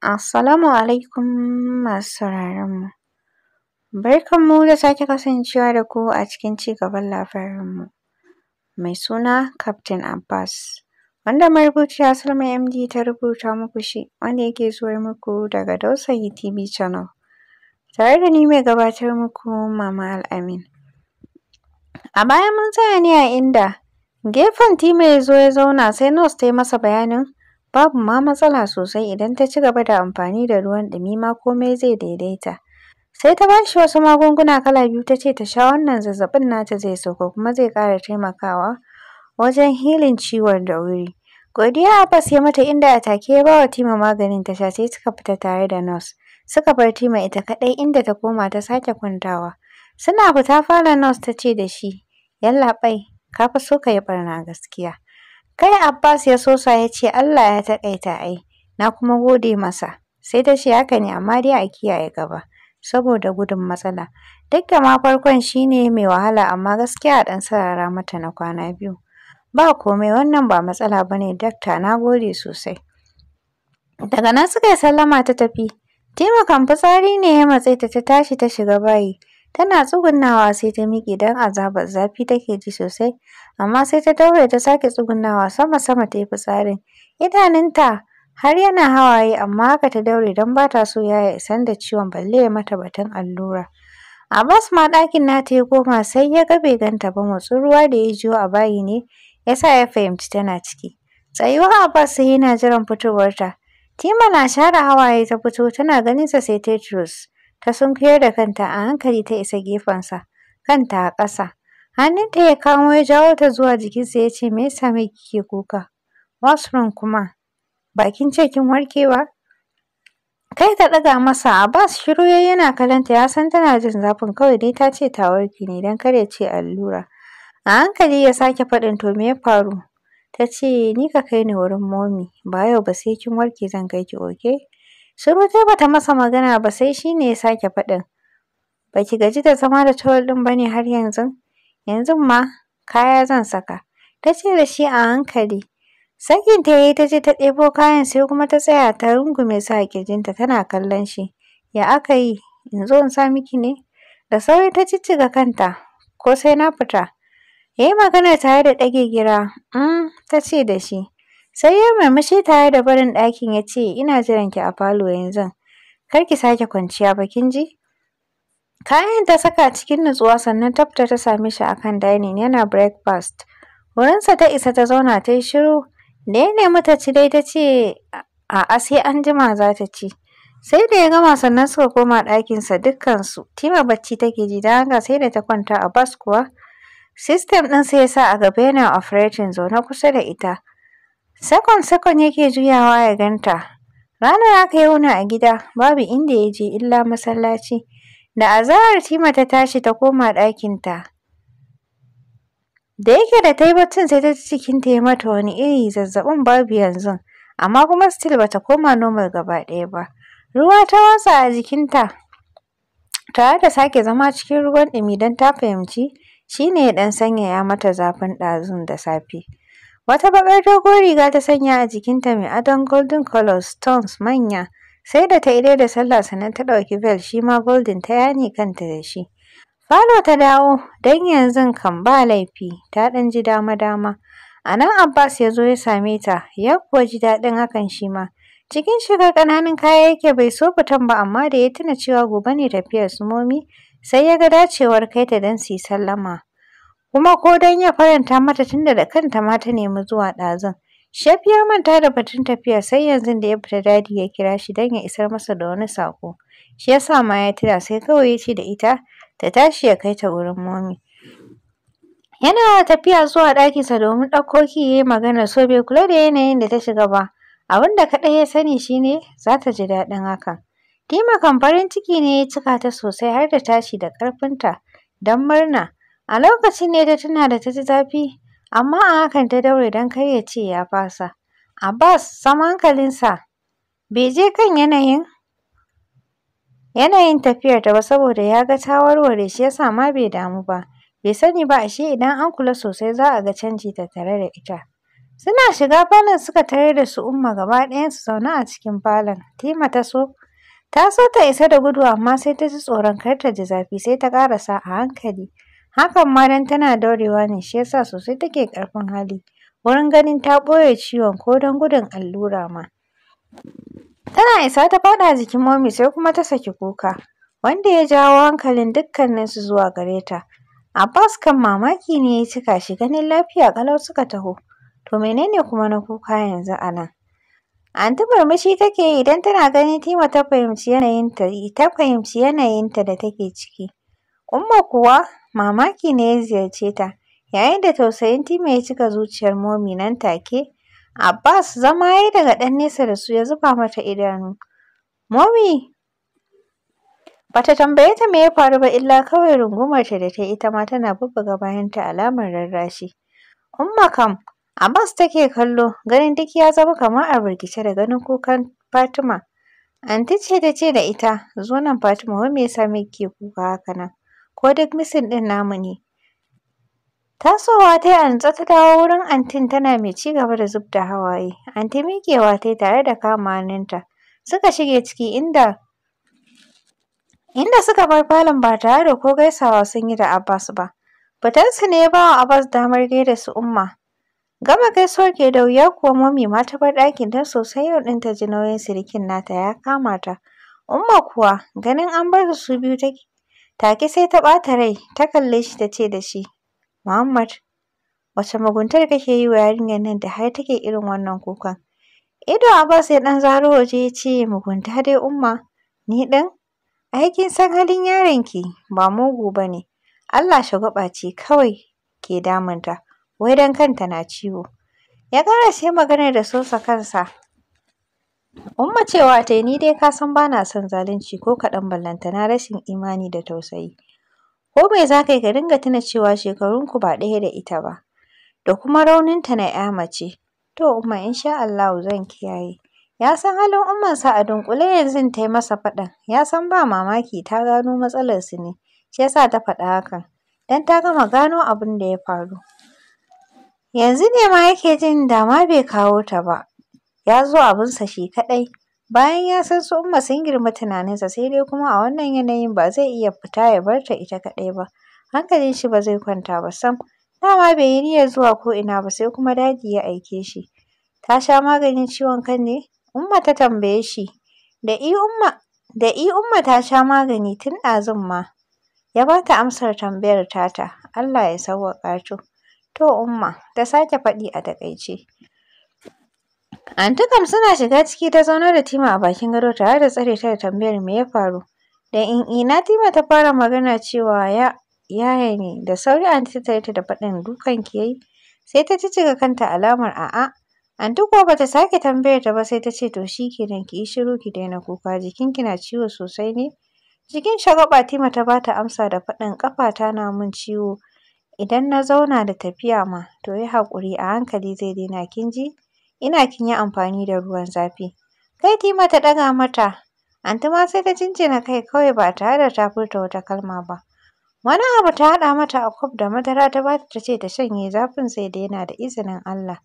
Assalamu alaikum masu mu. Barkan mu da sake kasancewa da ku a cikin ci cigaban labarinmu. Mai suna Captain Abbas, wanda marubuci marubuciya Salma MD ta rubuta muku shi, wanda yake zuwa muku daga Dausayi TV Channel. Tare da ni mai gabatar muku Mama Al-Amin. A baya mun tsaya ne a inda gefen time ya zo ya zauna sai nos ta yi masa bayanin Babu ma matsala sosai idan ta ci gaba da amfani da ruwan ɗumi ma komai zai daidaita. Sai ta bashi wasu magunguna kala biyu ta ce ta sha wannan zazzaɓin nata zai sauka kuma zai ƙara taimakawa wajen hilin ciwon da wuri. Godiya bas ya mata inda a take ya bawa Tima maganin ta sha sai suka fita tare da nurse. Suka bar Tima ita kaɗai inda ta koma ta sake kwantawa. Suna fita falon nurse ta ce da shi, Yallaɓai, ka fa so ka yi ɓarna gaskiya. Kai Abbas ya sosa ya ce Allah ya taƙaita ai, na kuma gode masa. Sai ta ce haka ne amma dai a kiyaye gaba, saboda gudun matsala. Duk da ma farkon shine mai wahala amma gaskiya a ɗan sarara mata na kwana biyu. Ba komai wannan ba matsala ba ne dakta na gode sosai. Daga nan suka yi sallama ta tafi. Taimakon fitsari ne ya matse ta tashi ta shiga bayi. Tana tsugunnawa sai ta miƙe don azabar zafi take ji sosai, amma sai ta daure ta sake tsugunnawa sama-sama ta yi fitsarin. Idanunta har yana hawaye amma haka ta daure don ba ta so ya isan da ciwon balle ya mata batun allura. Abbas ma ɗakin nata ya koma sai ya ga bai ganta ba motsin ruwa da ya jiyo a bayi ne ya sa ya fahimci tana ciki. Tsayuwar Abbas sai yana jiran fitowarta. Tima na share hawaye ta fito tana ganinsa sai ta ta sunkuyar da kanta a hankali ta isa gefensa, kanta a ƙasa. Hannunta ya kamo ya jawo ta zuwa jikinsa ya ce, me ya mai kike kuka? wasron kuma? Ba kin ce kin warke ba? Kai ta ɗaga masa, a Abbas shiru ya yana kalanta ya san tana jin zafin kawai dai ta ce ta warke ne don kar ya ce allura. A hankali ya sake faɗin to me ya faru? Ta ce, ni ka kai ni wurin momi, ba yau ba sai kin warke zan kai ki oke? Shiru ta bata masa magana ba sai shi ne ya sake faɗin. Baki ki gaji da zama da towel ɗin ba ne har yanzu? Yanzu ma kaya zan saka. Ta ce da shi a hankali. Sakin ta yi ta je ta ɗebo kayan sai kuma ta tsaya ta rungume sa a ƙirjinta tana kallon shi. Ya aka yi? In zo in sa miki ne? Da sauri ta jijjiga kanta. Ko sai na fita? Ya yi magana tare da ɗage gira. Um, ta ce da shi. Sai ya murmushi tare da barin ɗakin ya ce, ina jiran ki a falo yanzu. Kar ki sake kwanciya ba kin ji? Kayan ta saka cikin nutsuwa sannan ta ta same shi a kan dining yana breakfast. Wurinsa ta isa ta zauna ta yi shiru. Da ya nemi ta ci dai ta ce, a'a sai an jima za ta ci. Sai da ya gama sannan suka koma ɗakinsa dukkansu. Tima bacci take ji don haka sai da ta kwanta a bas kuwa. Sistem ɗin sai ya sa a gaba yana operating zaune kusa da ita. Sakon-sakon yake juyawa ya ganta. Ranar aka wuni a gida, babu inda ya je illa masallaci. Da zarar Tima ta tashi ta koma ɗakinta. Da yake da ta yi baccin sai ta cikin ta ya mata wani iri zazzaɓin babu yanzu, amma kuma still bata koma normal gaba ɗaya ba. Ruwa ta watsa a jikinta tare da sake zama cikin ruwan ɗumi don ta fahimci shi ne ya ɗan sanyaya mata zafin ɗazun da safe. Wata baƙar dogon riga ta sanya a jikinta mai adon golden color stones manya. Sai da ta yi da sallah sannan ta ɗauki bel shi ma golden ta yane kanta da shi. Falo ta dawo don yanzu kan ba laifi ta ɗan ji dama-dama. A nan Abbas ya zo ya same ta ya kuwa ji daɗin hakan shi ma. Cikin shigar ƙananan kaya yake bai so fitan ba amma da ya tuna cewa gobe ne tafiyar su momi sai ya ga dacewar kai ta don su yi sallama. kuma ko don ya faranta mata tunda da kanta ma ta nemi zuwa ɗazun. Shaf ya manta da batun tafiya sai yanzu da ya fita dadi ya kira shi don ya isar masa da wani saƙo. Shi ya sa ma ya tira sai kawai ya ce da ita ta tashi ya kai ta wurin momi. Yana tafiya zuwa ɗakinsa domin ɗauko ki ya yi magana so bai kula da yanayin da ta shiga ba. Abin da kaɗai ya sani shi ne za ta ji daɗin hakan. Dima kan farin ciki ne ya cika ta sosai har da tashi da ƙarfinta don murna. A lokacin ne ta tuna da ta ji zafi, amma a hakan ta daure don kar ya ce ya fasa. A Abbas sam hankalinsa bai je kan yanayin yanayin tafiyar ta ba saboda ya ga ta warware shi yasa ma bai damu ba. Bai sani ba ashe idan an kula sosai za a ga canji ta tare da ita. Suna shiga falon suka tarar da su Umma gaba su zauna a cikin falon. Tima ta so ta so ta isa da gudu amma sai ta ji tsoron kar ta ji zafi sai ta ƙarasa a hankali. Hakan ma Dan tana daurewa ne shi yasa sosai take ƙarfin hali wurin ganin ta ɓoye ciwon ko don gudun allura ma. Tana isa ta faɗa jikin Momi sai kuma ta saki kuka wanda ya jawo hankalin dukkaninsu zuwa gare ta. Abbas kan mamaki ne ya cika shi ganin lafiya ƙalau suka taho. To menene kuma na kuka yanzu a nan? Anti murmushi take yi idan tana ganin Tima ta fahimci yanayinta ta fahimci yanayinta da take ciki. Umma kuwa Mamaki ne ya ziyarce ta, yayin da tausayin Tima ya cika zuciyar Momi nan take. Abbas zama ya yi daga ɗan nesa da su ya zuba mata idanu. Momi ba ta tambaye ta me ya faru ba illa kawai rungumarta da ta yi ita ma tana bubbuga bayanta alamar rarrashi. Umma kam Abbas take kallo ganin duk ya zama kamar a birkice da ganin kukan Fatima. Anti ce ta ce da ita zo nan Fatima wai me ya sa muke kuka haka nan? ko duk misin ɗin namu ne. Tasowa ta yi a natse ta dawo wurin antin tana mai ci gaba da zub da hawaye. Anti miƙewa ta yi tare da kama hannunta. Suka shige ciki inda inda suka bar falon ba tare da ko gaisawa sun yi da Abbas ba. Fitansu ne ya ba wa Abbas damar gaida su Umma. Gama gaisuwar ke da wuya kuwa mami ma ta bar ɗakin don sosai yau ɗin ta ji nauyin sirikin nata ya kama ta. Umma kuwa ganin an bar su su biyu take Take sai ta ɓata rai ta kalle shi ta ce da shi, Muhammad, wace muguntar kake yi wa yarinyar nan da har take irin wannan kukan? Ido Abbas ya ɗan zaro waje ya ce, mugunta dai Umma, ni ɗan Aikin san halin yaronki, ba mugu ba ne. Allah shagwaɓa ce kawai ke damunta, wai don kanta na ciwo. Ya ƙara sai maganar da sosa kansa. Umma cewa ta yi ni dai ka san ba na son zalunci ko kaɗan ballanta, na rashin imani da tausayi. Ko me za ka yi ka dinga tuna cewa shekarunku ba ɗaya da ita ba, da kuma rauninta na ‘ya mace. To Umma in sha Allahu zan kiyaye. Ya san halin Ummansa a dunƙule yanzu ta yi masa faɗan, ya san ba mamaki ta gano matsalarsu ne, shi ya sa ta faɗa hakan, don ta gama gano abin da ya faru. Yanzu ne ma yake jin dama bai kawo ta ba, ya zo abinsa shi kaɗai. Bayan ya san su Umma sun girma tunaninsa sai dai kuma a wannan yanayin ba zai iya fita ya bar ta ita kaɗai ba. Hankalin shi ba zai kwanta ba sam. Dama bai yi niyyar zuwa ko ina ba sai kuma daji ya aike shi. Ta sha maganin ciwon kan ne? Umma ta tambaye shi. Da i Umma, da i Umma ta sha magani tun ɗazun ma. Ya ba ta amsar tambayar tata. Allah ya sawwaƙa to. To Umma, ta sake faɗi a taƙaice. Anti suna shiga ciki ta zauna da Tima a bakin gado tare da tsare ta da tambayar me ya faru. Da in ina Tima ta fara magana cewa ya yaya ne da sauri anti ta ta da faɗin dukan ki yayi. Sai ta jijjiga kanta alamar a'a. Anti kuwa bata sake tambayar ta ba sai ta ce to shikenan ki yi shiru ki daina kuka jikinki na ciwo sosai ne. Cikin shagwaɓa Tima ta bata amsa da faɗin ƙafata na min ciwo idan na zauna da tafiya ma to yi haƙuri a hankali zai daina kin ji. ina kin yi amfani da ruwan zafi. Kai tima ta ɗaga mata, anti ma sai ta jinjina kai kawai ba tare da ta furta wata kalma ba. Wani abu ta haɗa mata a kof da madara ta bata ta ce ta shanye zafin sai da yana da izinin Allah.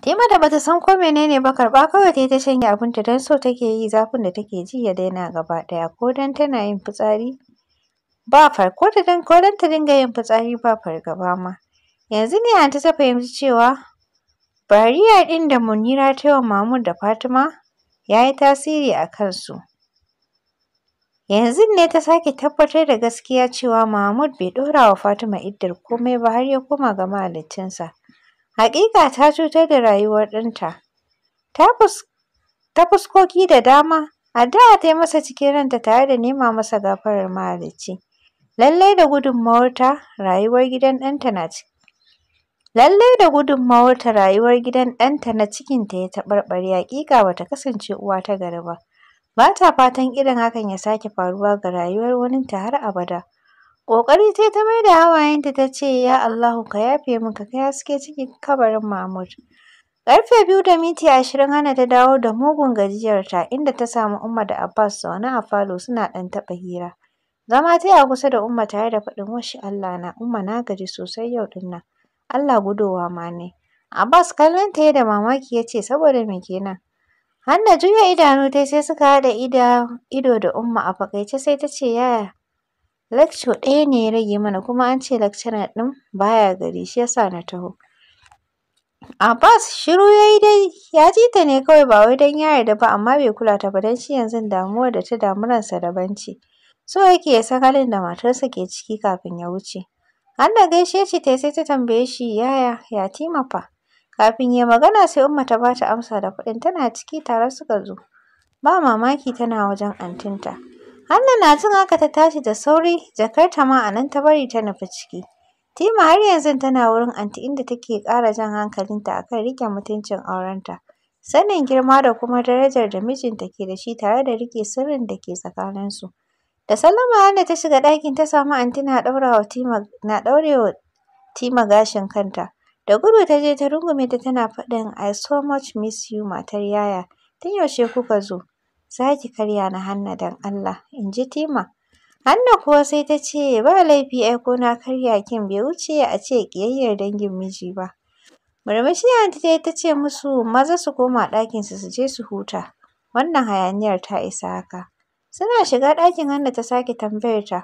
Tima da bata san ko menene ba karɓa kawai tayi ta shanye abinta don so take yi zafin da take ji ya daina gaba ɗaya ko don tana yin fitsari ba far ko ta dinga yin fitsari ba fargaba ma. Yanzu ne anti ta fahimci cewa Bariya ɗin da Munira ta yi wa Mahmud da Fatima ya yi tasiri a kansu. Yanzu ne ta sake tabbatar da gaskiya cewa Mahmud bai ɗora wa Fatima iddar komai ba har ya koma ga mahaliccinsa. Haƙiƙa ta cutar da rayuwar ɗanta. Ta fuskoki da dama, addu'a ta yi masa cikin ranta tare da nema masa gafarar mahalicci. Lallai da gudunmawarta, rayuwar gidan ɗanta na ciki. Lallai da ta rayuwar gidan ɗanta na cikin ta ya taɓarɓare haƙiƙa ba ta kasance uwa ta gari ba. Ba ta fatan irin hakan ya sake faruwa ga rayuwar waninta har abada. Ƙoƙari ta mai da maida hawayenta ta ce, “Ya Allahu ka yafe min ka kai haske cikin kabarin Mahmud.” Karfe biyu da minti ashirin Hana ta dawo da mugun gajiyarta inda ta samu Umma da Abbas zaune a falo suna ɗan taɓa hira. Zama ta a kusa da Umma tare da faɗin, “Wash Allah na, Umma na gaji sosai yau ɗin Allah gudowa ma ne. Abbas kallon ta da mamaki ya ce saboda me kenan? Hanna juya idanu ta sai suka haɗa ido da Umma a fakaice sai ta ce yaya Lakco ɗaya ne ya rage mana kuma an ce na ɗin baya gari shi yasa na taho. Abbas shiru ya yi dai ya ji ta ne kawai ba wai don ya yarda ba amma bai kula ta ba don shi yanzu damuwar da ta damu ransa daban ce. So yake ya san halin da matarsa ke ciki kafin ya wuce. An da gaishe shi ta sai ta tambaye shi yaya ya fa? Kafin ya magana sai Umma ta bata amsa da kuɗin tana ciki tare suka zo. Ba mamaki tana wajen antinta. Hanna na jin haka ta tashi da sauri jakarta ma a ta bari ta nufi ciki. Tima har yanzu tana wurin anti inda take ƙara jan hankalinta akan riƙe mutuncin aurenta. Sanin girma da kuma darajar da mijinta ke da shi tare da rike sirrin da ke tsakaninsu. Da sallama Hannah ta shiga ɗakin ta samu anti na ɗaurawa Tima na ɗaurewa Tima gashin kanta. Da gudu ta je ta rungume ta tana faɗin I so much miss you matar yaya. Tun yaushe kuka zo? Za ki karya na Hannah don Allah, in ji Tima. Hannah kuwa sai ta ce ba laifi ai ko na karya kin bai wuce a ce ƙiyayyar dangin miji ba. Murmushi anti ta ta ce musu maza su koma ɗakinsu su je su huta. Wannan hayaniyar ta isa haka. Suna shiga ɗakin hanna ta sake tambayar ta,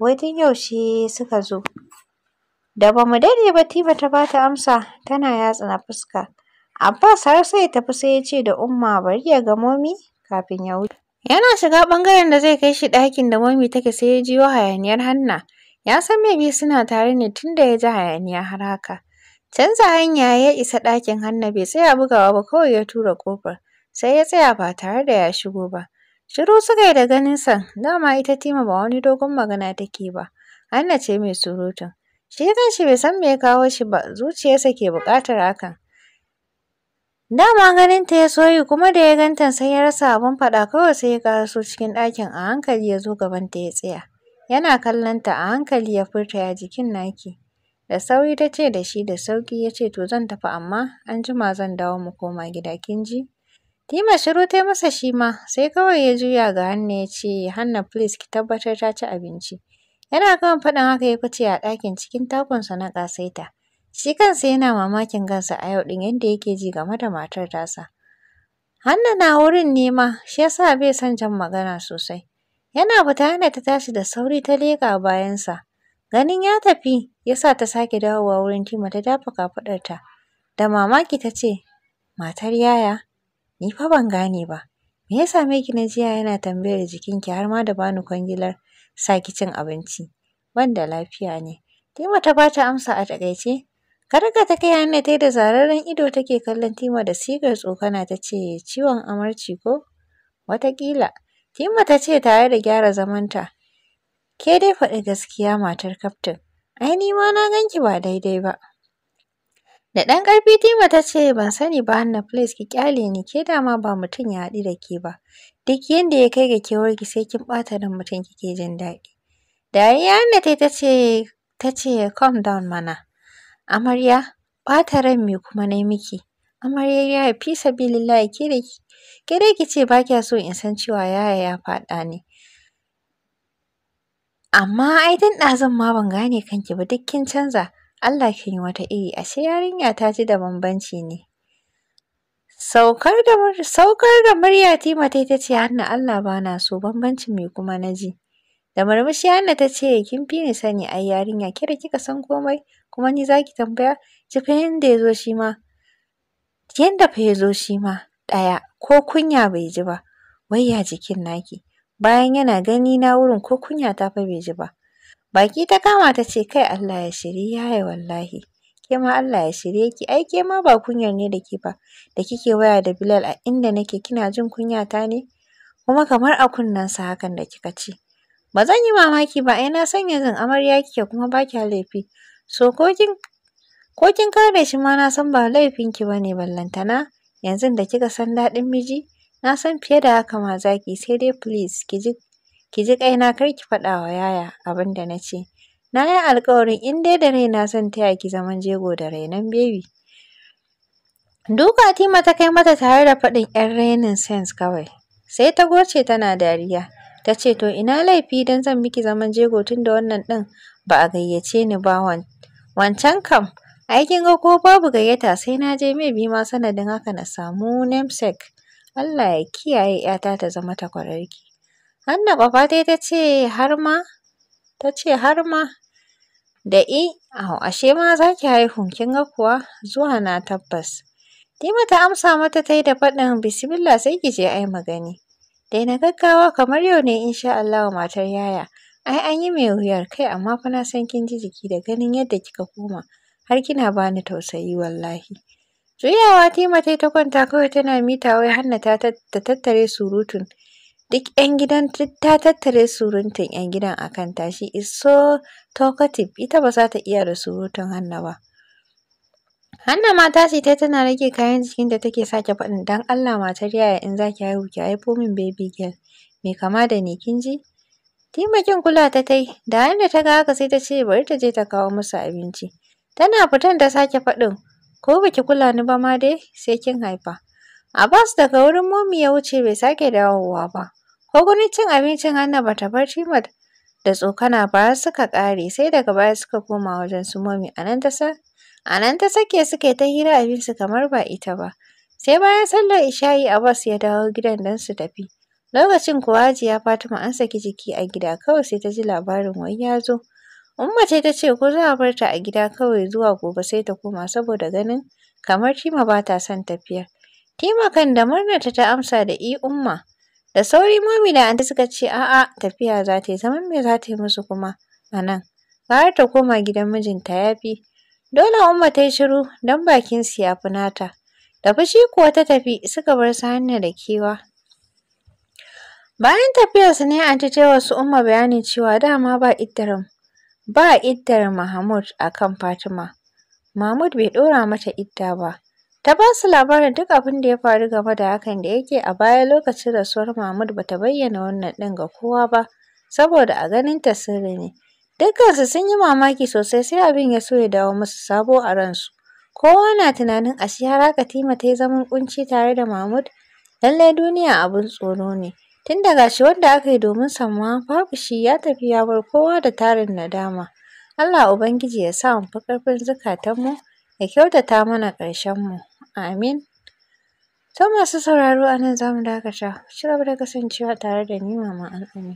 wai tun yaushe suka zo? Da bamu mu daɗe ba Tiba ta bata amsa tana yatsa na fuska. Abbas har sai ya tafi sai ya ce da Umma bari ya ga Momi kafin ya wuce. Yana shiga ɓangaren da zai kai shi ɗakin da Momi take sai ya jiyo hayaniyar Hanna. Ya san biyu suna tare ne tun da ya ji hayaniya har haka. Canza hanya ya isa ɗakin Hanna bai tsaya bugawa ba kawai ya tura ƙofar. Sai ya tsaya ba tare da ya shigo ba. Shiru suka yi da ganinsa, dama ita Tima ba wani dogon magana take ba, Hanna ce mai surutun. Shi kanshi bai san me ya kawo shi ba, zuciyarsa ke buƙatar hakan. Dama ganinta ya soyi kuma da ya ganta sai ya rasa abin faɗa kawai sai ya ƙaraso cikin ɗakin a hankali ya zo gabanta ya tsaya. Yana kallonta a hankali ya furta ya jikin naki. Da sauri ta ce da shi da sauƙi ya ce to zan tafi amma an jima zan dawo mu koma gida kin ji? Dima shiru ta yi masa shi ma, sai kawai ya juya ga Hanna ya ce, Hanna please ki tabbatar ta ci abinci. Yana kan faɗin haka ya fice a ɗakin cikin takunsa na ƙasaita. Shi kansa yana mamakin kansa a yau ɗin yadda yake ji game da matar tasa. Hanna na wurin nema, shi yasa bai son jan magana sosai. Yana fita Hanna ta tashi da sauri ta leƙa bayansa. Ganin ya tafi, ya sa ta sake dawowa wurin dima ta dafa kafaɗarta. Da mamaki ta ce, matar yaya? Ni fa ban gane ba. Me ya same ki na jiya yana tambayar jikin ki, har ma da bani kwangilar sa ki cin abinci? Ban da lafiya ne. Tima ta bata amsa a takaice. ka ta kai hannu tai da zararren ido take kallon Tima da sigar tsokana ta ce ciwon amarci ko? Wataƙila. Tima ta ce tare da gyara zamanta. Ke dai faɗi gaskiya matar kaftin. Ai ni ma na ganki ba daidai ba. Da ɗan ƙarfi Tima ta ce, ban sani ba Hanna please ki ƙyale ni, ke dama ba mutum ya haɗu da ke ba. Duk yanda ya kai ga kewarki sai kin ɓata ran mutum kike jin daɗi. Dariya Hanna ta ce, ta ce calm down mana. Amarya, ɓata ran me kuma na miki? Amarya fi sabilillahi ke da ki, ke dai ki ce ba kya so in san cewa yaya ya faɗa ne. Amma ai tun ɗazun ma ban gane kanki ba duk kin canza. Allah kin wata iri ashe yarinya ta ji da bambanci ne saukar da saukar da murya Tima tai ta ce Hanna Allah ba na so bambanci me kuma na ji da murmushi Hanna ta ce kin fi ni sani ai yarinya ke kika san komai kuma ni zaki tambaya ki fa yanda yazo shi ma yanda fa yazo shi ma ɗaya ko kunya bai ji ba wai ya jikin naki bayan yana gani na wurin ko kunya ta fa bai ji ba Baki ta kama ta ce kai Allah ya shiri yaya wallahi. Ke ma Allah ya shirye ki ai ke ma ba kunyar ne da ke ba da kike waya da Bilal a inda nake kina jin kunya ta ne kuma kamar a sa hakan da kika ce. Ba zan yi mamaki ba ai na san yanzu amarya kike kuma ba ki laifi. So ko kin kare shi ma na san ba laifinki ba ne ballantana yanzu da kika san daɗin miji na san fiye da haka ma za sai dai please ki ji Ki ji kaina kar ki faɗa wa yaya abin da na ce. Na yi alƙawarin in dai da raina zan taya ki zaman jego da rainon bebi. Duka Tima ta kai mata tare da faɗin ‘yan rainin sense kawai. Sai ta goce tana dariya. Ta ce to ina laifi don zan miki zaman jego tun da wannan ɗin ba a gayyace ni ba wancan kam. Aikin ga ko babu gayyata sai na je mai bi ma sanadin haka na samu namesake. Allah ya kiyaye ‘yata ta zama takwararki. Hanna Baba dai ta ce har ma, ta ce har ma da i, aho ashe ma za ki haihu kin ga kuwa zuwa na tabbas. Dima ta amsa mata ta yi da faɗin bisimila, sai ki je ai magani. Dai na gaggawa kamar yau ne in sha Allah matar yaya. Ai an yi mai wuyar kai amma fa na san kin ji jiki da ganin yadda kika koma. Har kina bani tausayi wallahi. Juyawa Tima ta yi ta kwanta kawai tana mita wai Hanna ta tattare surutun Duk 'yan gidan duk ta tattare surutun 'yan gidan a kanta. She is so talkative. Ita ba za ta iya da surutun Hanna ba. Hanna ma ta sita tana rage kayan jikin da take sake faɗin dan Allah matar yaya in za ki haihu ki haifo min baby girl mai kama da ni kin ji. Timakin kula ta tai da Hanna ta ga haka sai ta ce bari ta je ta kawo musu abinci. Tana fitan ta sake faɗin ko baki kula ni ba ma dai sai kin haifa. Abbas daga wurin momi ya wuce bai sake dawowa ba. Ko gurin cin abincin hannu ba ta bar Jimot da tsokana ba suka ƙare sai daga baya suka koma wajen su Momi a nan ta sake suke ta hira abinsu kamar ba ita ba. Sai bayan sallar isha'i bas ya dawo gidan don su tafi. Lokacin kuwa Hajiya Fatima an saki jiki a gida kawai sai ta ji labarin wai ya zo. Umma ce ta ce ko za a bar ta a gida kawai zuwa gobe sai ta koma saboda ganin kamar Tima ba ta son tafiya. Tima kan da murnarta ta amsa da i Umma. Da sauri momi da anti suka ce a'a tafiya za ta yi zaman me za ta yi musu kuma a nan. Gara ta koma gidan mijinta ya fi. Dole Umma ta yi shiru don bakin su ya fi nata. Da fushi kuwa ta tafi suka bar su hanya da Kewa. Bayan su ne anti ta yi wa su Umma bayanin cewa dama ba iddarin ba iddar Mahmud a kan Fatima. Mahmud bai ɗora mata idda ba. Ta ba su labarin duk abin da ya faru game da hakan da yake a baya lokacin rasuwar Mahmud ba ta bayyana wannan din ga kowa ba saboda a ganin ta sirri ne. Dukkansu sun yi mamaki sosai sai abin ya so ya dawo musu sabo a ransu. Kowa na tunanin a har haka Tima ta yi zaman ƙunci tare da Mahmud? Lallai duniya abin tsoro ne. Tun daga shi wanda aka yi domin samuwa babu shi ya tafi ya bar kowa da tarin nadama. Allah Ubangiji ya sa mu fi ƙarfin zukatanmu ya kyautata mana mu. Amin. To masu sauraro a nan za mu dakata. Ku ci da kasancewa tare da ni Mama al'umma.